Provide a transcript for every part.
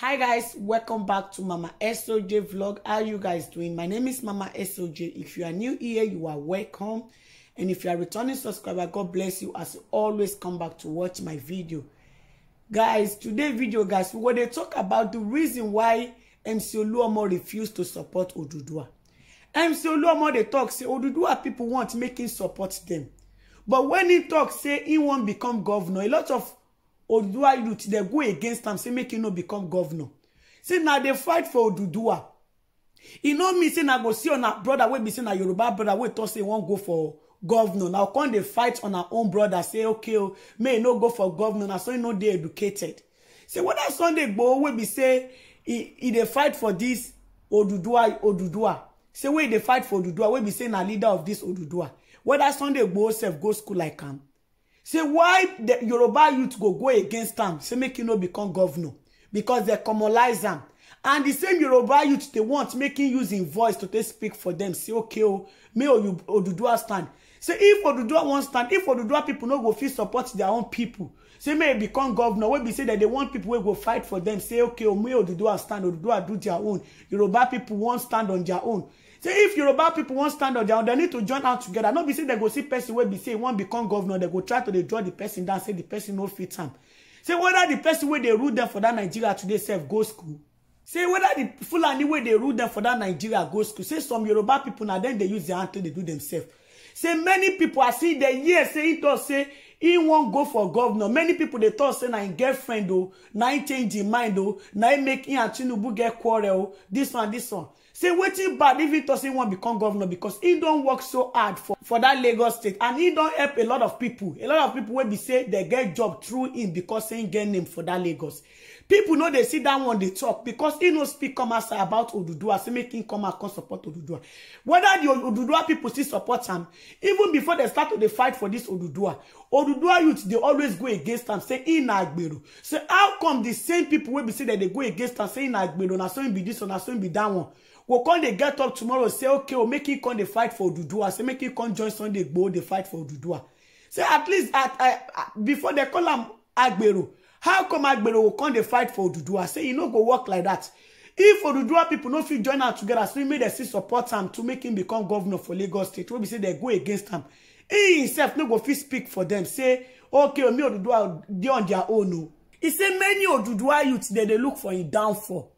hi guys welcome back to mama soj vlog how you guys doing my name is mama soj if you are new here you are welcome and if you are returning subscriber god bless you as you always come back to watch my video guys today video guys we go dey talk about the reason why mc oluomo refused to support oduduwa mc oluomo they talk say oduduwa people want making support them, but when he tok say he won't become governor, a lot of oduduwa youth dem go against am say make him e no become governor say now they fight for oduduwa e no mean say na go see a broda wey be say na yoruba brother, wey tok say e won't go for governor now come they fight on our own brother, say okay oh may e no go for governor na so e no dey educated say whether sunday gboo wey be say he he they fight for this oduduwa oduduwa say where they e fight for oduduwa wey be saying a leader of this oduduwa whether sunday gboo self go school like am say why the yoruba youth go go against am say make e no become governor because dem commonize am and the same yoruba youth dey want make him use him voice to take speak for them. say okay o oh, may oh, oduduwa stand say if oduduwa wan stand if oduduwa people no go fit support their own people. say may e become governor wey be say that they want people wey go fight for them. say okay o oh, may oduduwa stand oduduwa do their own yoruba people wan stand on their own say if yoruba people wan stand on their own dem need to join out together Not be say they go see person wey be say one become governor they go try to dey draw the person down say the person no fit am say whether the person wey they rule them for that nigeria today sef go school say whether di fulani wey they rule them for that nigeria go school say some yoruba people now then they use their hand to dey do themselves say many people are e dey hear say e tok say he won't go for governor many people they thought say na im girlfriend o na im change im mind o na im make im and tinubu get quarrel o dis one this one say wetin bad if victor say wan become governor because he don't work so hard for for that lagos state and he don't help a lot of people. a lot of people wey be say they get job through him because say him get name for that lagos people know they see dat one they talk because he no speak come outside about oduduwa so make him come out come support oduduwa whether the oduduwa people still support him, even before they start to dey fight for this oduduwa oduduwa youth they always go against him, say e na agbero so how come the same people will be saying that they go against him, say e na agbero na so be this, one na so be that one go come they get up tomorrow say okay o oh, make him come the fight for oduduwa say make him come join sunday gboo the fight for oduduwa say at least at eh, before they call him agbero how come agbero come dey fight for oduduwa say e no go work like that. if oduduwa pipo no fit join out together, so make dem still support am to make him become governor for lagos state wey we say they go against him, he himself no go fit speak for them. say okay omi oduduwa dey on their own o oh. e say many oduduwa youths they they look for him downfall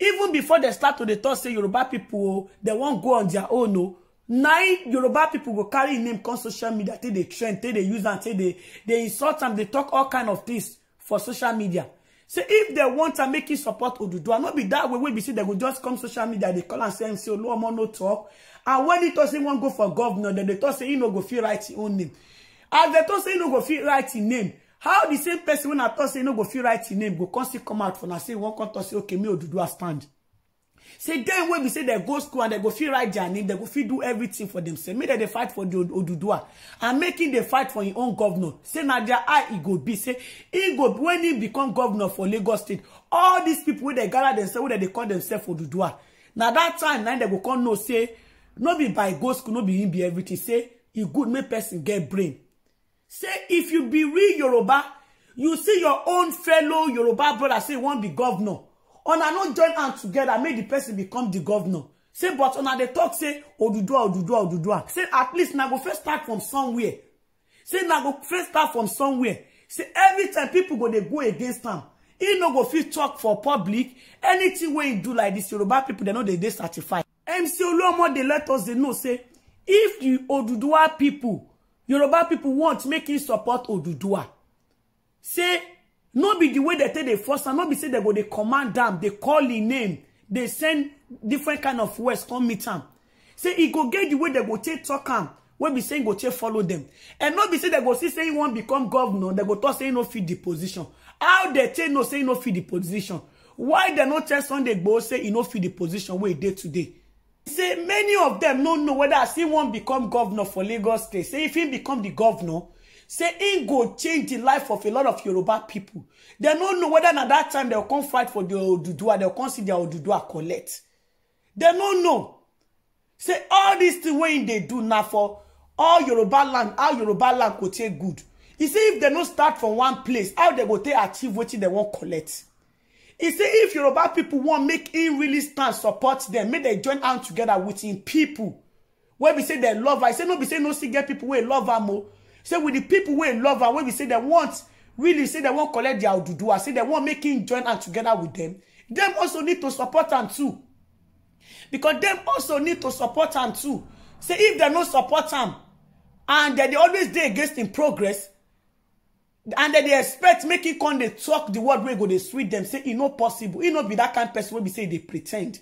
even before they start to the talk say yoruba people, they oh, won't go on their own no. Oh, Now yoruba people go carry name come social media take dey trend take dey use and take they insult them, they talk all kind of things for social media say if they want to make you support oduduwa not be that way We be see they go just come social media they call and say mc oluomo no talk and when e tok say wan go for governor then they tok say e no go fit write im own name as they tok say e no go fit write im name how the same person wey na tok say e no go fit write im name go come still come out for now, say e wan come tok say okay me oduduwa stand say dem when we say they go school and they go feel right journey, they go feel do everything for themselves make dem dey fight for the Odudua and making him fight for him own governor say na their eye e go be say e go when he become governor for lagos state all these people wey dey gather themselves wey dem dey call themselves Odudua. Now that time now they go come no say no be by go school no be him be everything say e good make person get brain say if you be real yoruba you see your own fellow yoruba brother say you wan be governor una no join hand together make the person become the governor say but una dey talk say oduduwa oduduwa oduduwa say at least na go first start from somewhere say na go first start from somewhere say every time people go dey go against him. he no go fit talk for public anything wey he do like this yoruba people they know they dey certified mc oluomo dey let us dey know say if the oduduwa people yoruba people want make him support oduduwa say no be the way they take the foster. am no be say they go dey command them, they call im name they send different kind of words come meet them. say he go get the way they go take talk am wey be saying e go take follow them. and no be say they go see say he won't become governor They go talk say e no fit the position how they take no say e no fit the position why they not tell sunday gboo say he no fit the position wey e dey today say many of them no know whether as e wan become governor for lagos state say if he become the governor say im go change di life of a lot of yoruba pipo dem no know whether na dat time dem come fight for their oduduwa dem come see their oduduwa collect dem no know say all dis thing wey im dey do na for all yoruba land how yoruba land go take good e say if dem no start from one place how dem go take achieve wetin dem wan collect e say if yoruba pipo wan make im really stand support dem make dem join hand together with im pipo wey be say dem love her e say no be say no still get pipo wey love am o say with di pipo wey love am wey be say dem want really say dem wan collect dia oduduwa say dem wan make him join am togeda with dem dem also need to support am too because dem also need to support am too say if dem no support am and dem dey always dey against im progress and dem dey expect make him come dey talk the word wey go dey sweet dem say e no possible e no be that kind person wey be say e dey pretend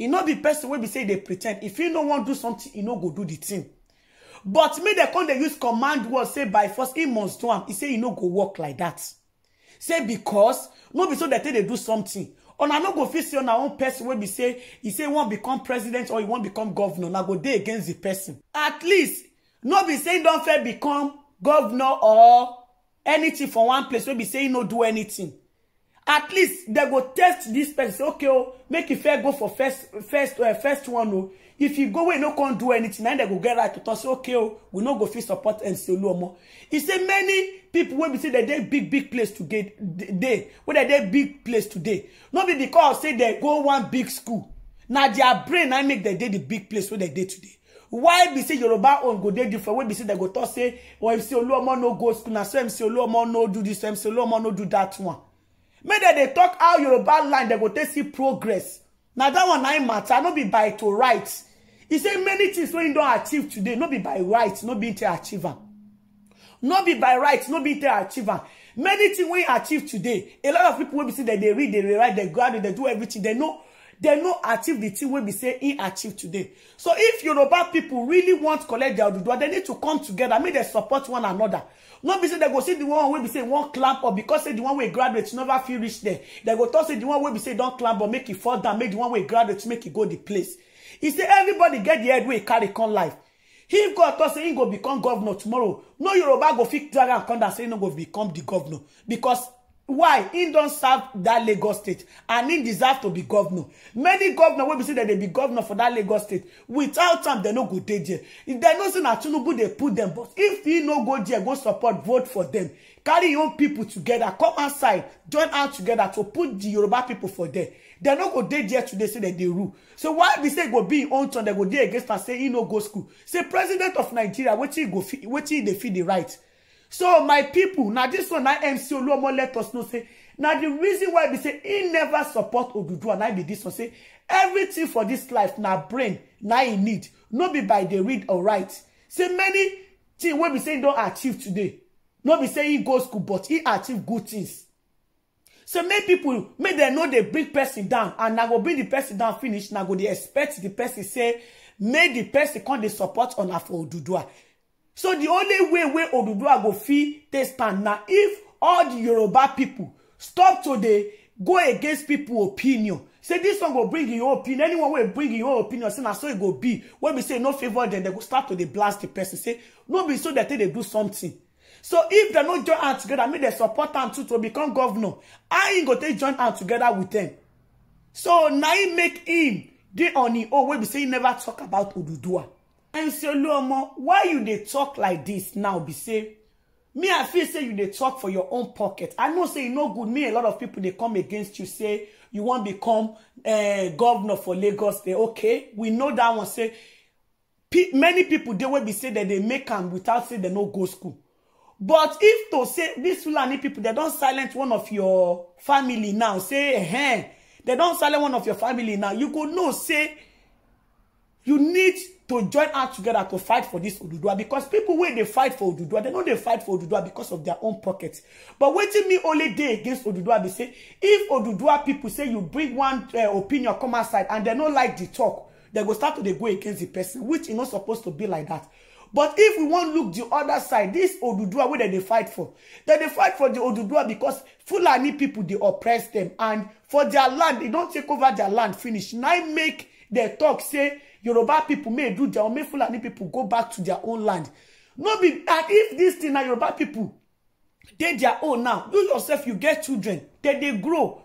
e no be person wey be say e dey pretend if e no wan do something e no go do the thing but me, they come they use command word say by force he must do him. He say e no go work like that. say because no be so dem take they do something una no go fix on our own person wey be say he say won't become president or he won't become governor Now go day against the person at least no be saying don't fair become governor or anything for one place wey be say e no do anything at least they go test this person okay oh, make you fair go for first first uh, first one oh. if you go away, no can't do anything Then they go get right to talk say okay oh, we no go feel support and say no more. He say many people when we say dem dey big big place to today wey dem dey big place today Not be because say they go one big school Now their brain I make dem dey the big place wey they dey today why be say yoruba own go dey different wey be say they go talk say oh mc oluomo no go school na so mc oluomo no do this mc oluomo no do that one make dem dey talk how yoruba land They go take see progress Now that one na matter Not be by to rights. He say many things wey im don achieve today Not be by rights. Not be to achieve am be by rights. Not be to achieve many things wey im achieve today a lot of people will be say that they read they rewrite they go out dey do everything They know dem no achieve di thing wey be say e achieve today so if yoruba people really want collect dia oduduwa they need to come togeda make they support one another. no be say they go see the one wey be say one clamp up because say the one wey graduate never fit reach there They go talk say the one wey be say don clamp up make e fall down make the one wey graduate make e go the place e say everybody get the head wey carry come life Him go tok say him go become governor tomorrow no yoruba go fit drag am come down say e no go become the governor because why he don serve that lagos state and he deserve to be governor many governor wey be say dem dey be governor for that lagos state without am dem no go dey there dem know say na tinubu dey put dem but if he no go there go support vote for dem carry your own pipo togeda come outside join out togeda to put di yoruba pipo for there dem no go dey there today say dem dey rule so why be say e go be im own turn dem go dey against am say e no go school say president of nigeria wetin e dey feel di right so my people, now this one na mc oluomo let us know say now the reason why we say he never support And I be this one say everything for this life Now brain now e need Not be by the read or write say many things wey we say e don achieve today Not be say he go school but he achieve good things so many people, may they know they bring person down and na go bring the person down finish Now go They expect the person say may the person come they support on for oduduwa so the only way where oduduwa go fit take stand now, if all the yoruba people stop to dey go against people opinion say this one go bring your opinion anyone will bring your opinion say na so e go be when we say no favour then they go start to dey blast the person say no be so dem they do something. so if they no join hand together make dem support am too to become governor I im go take join hand together with them. so now he make him the only. Oh, when we say he never talk about oduduwa mc Lomo, why you dey talk like this now be say me i feel say you dey talk for your own pocket i know say e no good me a lot of people dey come against you say you wan become eh, governor for lagos They okay we know that one say many people they will be say that they make am without say they no go school but if to say dis fulani people, they don't silence one of your family now say eh they don't silence one of your family now you could know say you need to join hands together to fight for this Oduduwa because people when they fight for Oduduwa they know they fight for Oduduwa because of their own pockets. but waiting me only day against Oduduwa they say if Oduduwa people say you bring one uh, opinion come outside and they no like the talk they go start to dey go against the person which is e not supposed to be like that but if we wan look the other side this Oduduwa where they fight for dem dey fight for the Oduduwa because Fulani people they oppress them and for their land they don't take over their land finish now, make they talk say yoruba people may do their own may fulani people go back to their own land no be and if this thing na yoruba people, dey their own now you yourself you get children Then they grow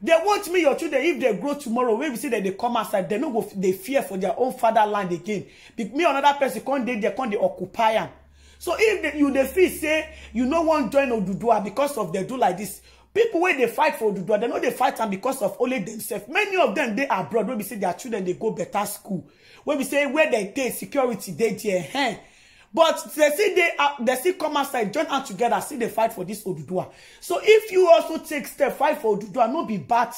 They want me your children if they grow tomorrow when we see that they come outside they no go dey fear for their own fatherland again me another person can't dey they can't dey occupy am so if you dey feel say you no wan join oduduwa because of they do like this people wey dey fight for oduduwa dem no dey fight am because of only themselves many of dem dey abroad wey be say their children dey go better school wey be say where dem dey security dey there eh? but they still dey uh, they still come outside join hand together still dey fight for this oduduwa so if you also take step fight for oduduwa no be bad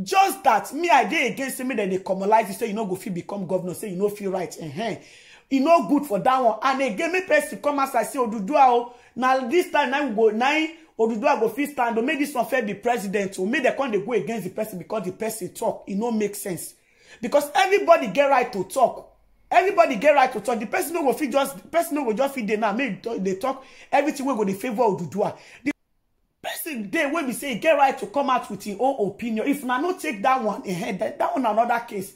just that me i dey against say make dem dey commonize you say you no go fit become governor say you no feel right uh -huh. e no good for that one and again make person come outside say oduduwa o oh, na this time na we go na Oduduwa go fit stand, or make this one fair be president, O make the con they go against the person because the person talk. It e no make sense. Because everybody get right to talk. Everybody get right to talk. The person no go fit just, the person no go just fit there now. Make they talk everything will go the favor Oduduwa. The person dey wey be say e get right to come out with im own opinion if una no take that one ahead eh, that, that one na another case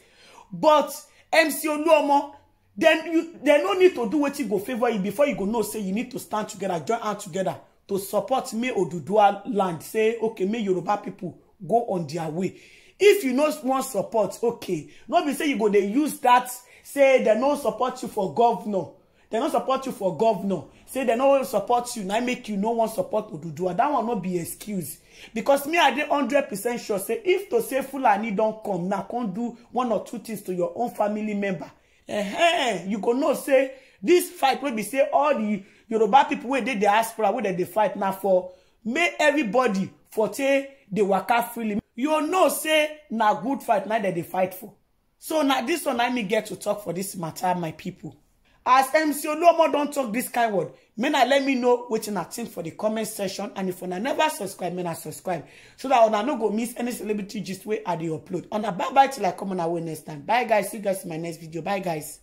but mc oluomo dem you dem no need to do wetin go favour you before you go know say you need to stand together join hand together to support me Oduduwa land say okay Me Yoruba people go on their way if you no want support okay no be say you go dey use that say they no support you for governor They no support you for governor say they no support you na make you no wan support Oduduwa that one no be excuse because me i dey hundred percent sure say if to say Fulani don come now come do one or two things to your own family member uh eh, -huh, you go know say this fight wey be say all the yoruba pipo wey dey diaspora wey dem dey fight na for May everybody for take dey waka freely you know say na good fight na dem dey fight for so na this one i me get to talk for this matter my people. as mc oluomo don talk this kind word May na let me know wetin i think for the comment section and if una never subscribe may na subscribe so that una no go miss any celebrity gist wey i dey upload una bye bye till i come on our next time bye guys see you guys in my next video bye guys